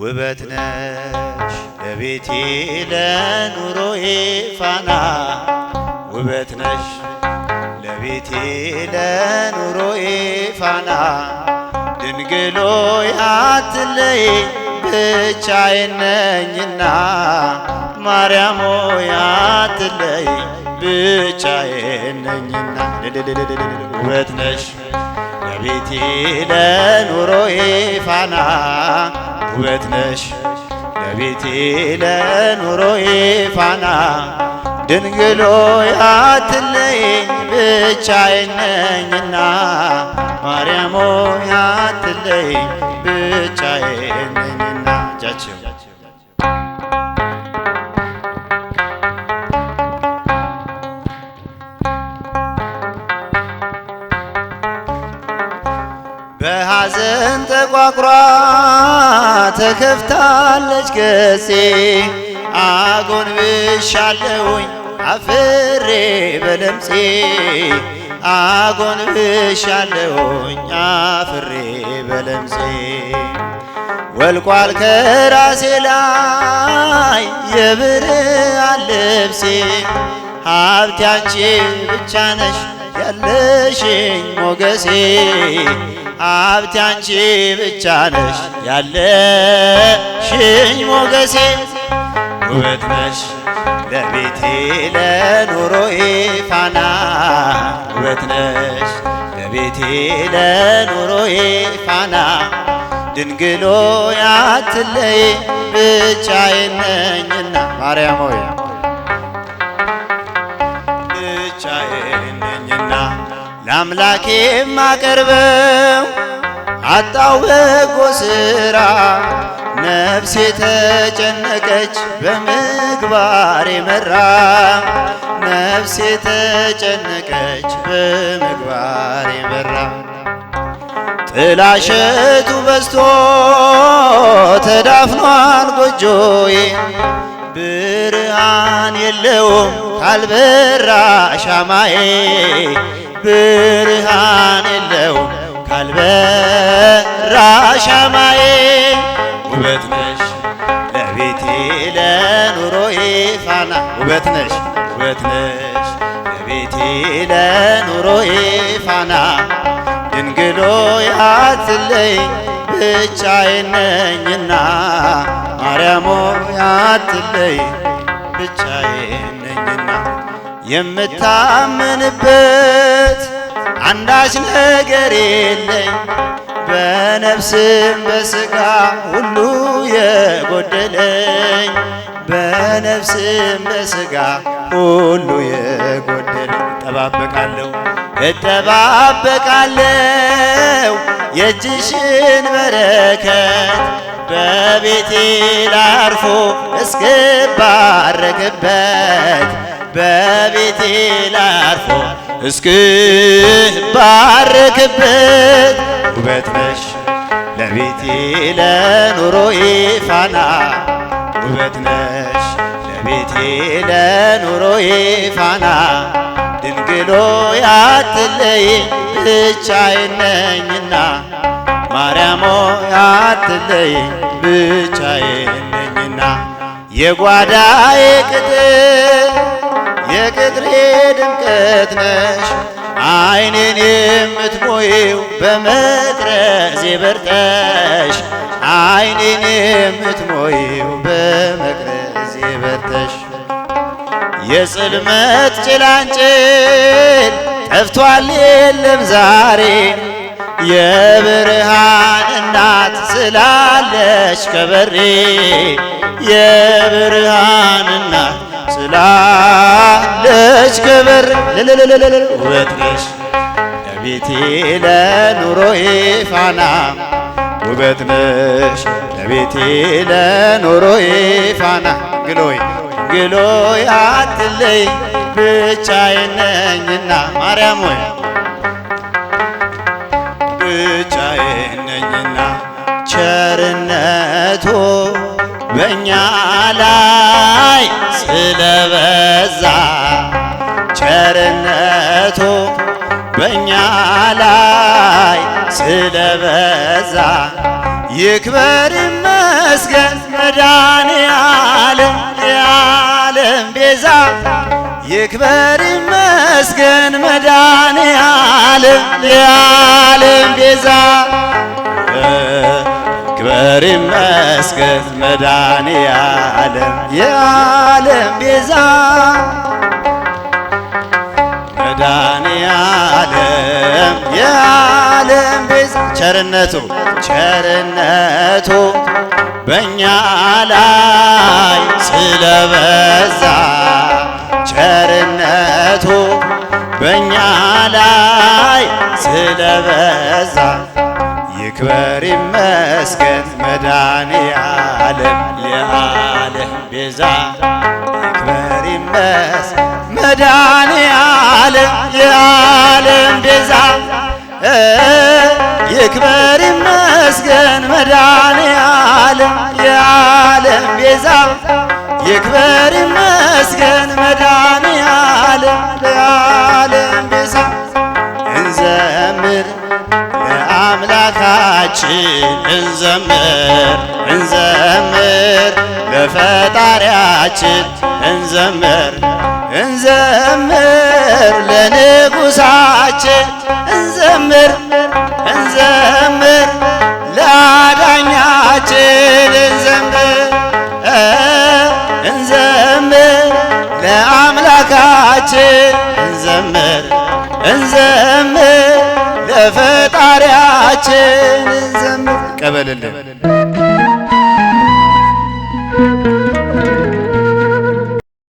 ውበት ነሽ ለቤቴ ለኑሮዬ ፋና ውበት ነሽ ለቤቴ ለኑሮዬ ፋና ድንግሎ ያትለይ ብቻዬን ነኝና ማርያም ሆይ አትለይ ነኝና ውበት ነሽ ለቤቴ ለኑሮዬ ፋና ውበት ነሽ ለቤቴ ለኑሮዬ ፋና ድንግሎ ያትለየኝ ብቻዬን ነኝና ማርያሞ ያትለየኝ በሐዘን ተቋቁሯ ተከፍታለች ገሴ አጎንብሻለሁኝ አፍሬ በለምሴ አጎንብሻለሁኝ አፍሬ በለምሴ ወልቋል ከራሴ ላይ የብርሃን ልብሴ ሀብቴ አንቺ ብቻ ነሽ ያለሽኝ ሞገሴ ሀብቴ አንቺ ብቻ ነሽ ያለሽኝ ሞገሴ ውበት ነሽ ለቤቴ ለኑሮዬ ፋና ውበት ነሽ ለቤቴ ለኑሮዬ ፋና ድንግሎ ያትለይ ብቻዬን ነኝና ማርያም ሆይ ለአምላኬ ማቀርበው አጣው በጎ ሥራ ነፍሴ ተጨነቀች በምግባር የመራ ነፍሴ ተጨነቀች በምግባር የመራ ጥላሸቱ በዝቶ ተዳፍኗል ጎጆዬ ብርሃን የለውም ካልበራ ሻማዬ ብርሃን የለው ካልበራ ሻማዬ ውበት ነሽ ለቤቴ ለኑሮዬ ፋና ውበት ነሽ ውበት ነሽ ለቤቴ ለኑሮዬ ፋና ድንግሎ ያትለይ ብቻዬን ነኝና ማርያሞ ያትለኝ ብቻዬ የምታመንበት አንዳች ነገር የለኝ በነፍስም በስጋ ሁሉ የጎደለኝ በነፍስም በስጋ ሁሉ የጎደለኝ እጠባበቃለሁ እጠባበቃለሁ የእጅሽን በረከት በቤቴ ላርፎ እስክባረክበት በቤቴ ላርፎ እስክባርክበት ውበት ነሽ ለቤቴ ለኑሮዬ ፋና ውበት ነሽ ለቤቴ ለኑሮዬ ፋና ድንግሎ ያትለይ ብቻዬን ማርያሞ ያትለይ ብቻዬን ነኝና የጓዳዬ ቅጥር ምሕረት ነሽ አይኔን የምትሞይው በመቅረዝ የበርተሽ አይኔን የምትሞይው በመቅረዝ የበርተሽ የጽልመት ጭላንጭል ጠፍቷል የለም ዛሬ የብርሃን እናት ስላለች ከበሬ የብርሃን እናት ስላለች ክብር ውበትሽ ለቤቴ ለኑሮዬ ፋና ውበትሽ ለቤቴ ለኑሮዬ ፋና ግሎይ ግሎይ አትለይ ብቻዬን ነኝና ማርያም ወይ ብቻዬን ነኝና ቸርነቶ በእኛ ላይ ቸርነቱ በእኛ ላይ ስለበዛ ይክበር ይመስገን መዳን ያለም የዓለም ቤዛ ይክበር ይመስገን መዳን ያለም የዓለም ቤዛ ይክበር ይመስገን መዳን ያለም የዓለም ቤዛ ቸርነቱ ቸርነቱ በእኛ ላይ ስለበዛ ቸርነቱ በእኛ ላይ ስለበዛ ይክበር ይመስገን መድኃኔዓለም ለዓለም ቤዛ ይክበር ይመስገን መድኃኔዓለም የዓለም ቤዛ ይክበር ይመስገን መድኃኔ ዓለም የዓለም ቤዛ ይክበር ይመስገን መድኃኔ ዓለም የዓለም ቤዛ እንዘምር ለአምላካችን እንዘምር እንዘምር ለፈጣሪያችን እንዘምር እንዘምር ለነ እንዘምር ለፈጣሪያችን እንዘምር ቀበልልን